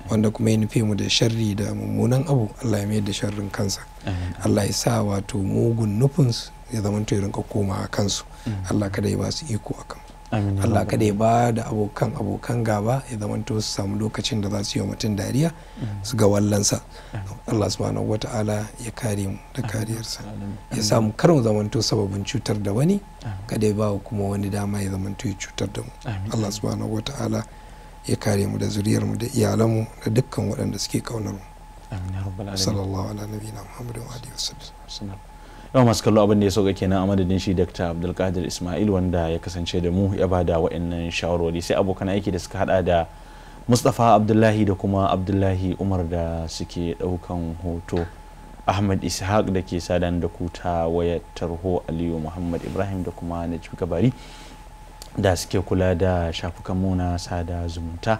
wanda kuma ya nufe mu da sharri da mummunan abu Allah ya mai da sharrin kansa Allah ya sa wato mugun nufinsu ya zama ya rinka a kansu mm. Allah kada ya ba su iko akan Allah kada ya ba da abokan abokan gaba ya to su samu lokacin da za su yi wa mutum dariya su ga wallansa Allah subhanahu wata'ala ya kare mu da kariyarsa ya samu kar mu to sababin cutar da wani kada ya ba kuma wani dama ya to ya cutar da mu Allah subhanahu wata'ala ya kare mu da zuriyar mu da iyalanmu da dukkan waɗanda suke kaunar mu sallallahu ala nabiyina muhammadu wa alihi wasallam yawa masu kallo abin da ya sauka kenan a madadin shi dr abdulkadir ismail wanda ya kasance da mu ya bada wa'annan shawarwari sai abokan aiki da suka hada da mustapha abdullahi da kuma abdullahi umar da suke daukan hoto ahmad ishaq da ke sadan da kuta wayar tarho aliyu muhammad ibrahim da kuma najib gabari da suke kula da shafukan muna sada zumunta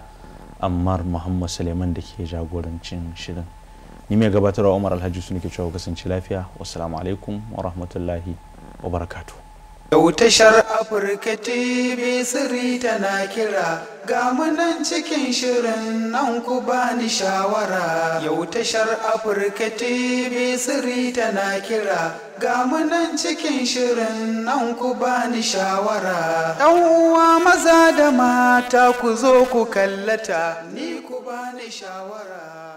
ammar muhammad suleiman da ke jagorancin shirin ni mai gabatarwa umar alhaji su nake cewa kasance lafiya wassalamu alaikum wa rahmatullahi wa barakatu yau tashar afirka tv sirri tana kira ga munan cikin shirin nan ku bani shawara yau tashar afirka tv sirri tana kira ga munan cikin shirin nan ku bani shawara uwa maza da mata ku zo ku kallata ni ku bani shawara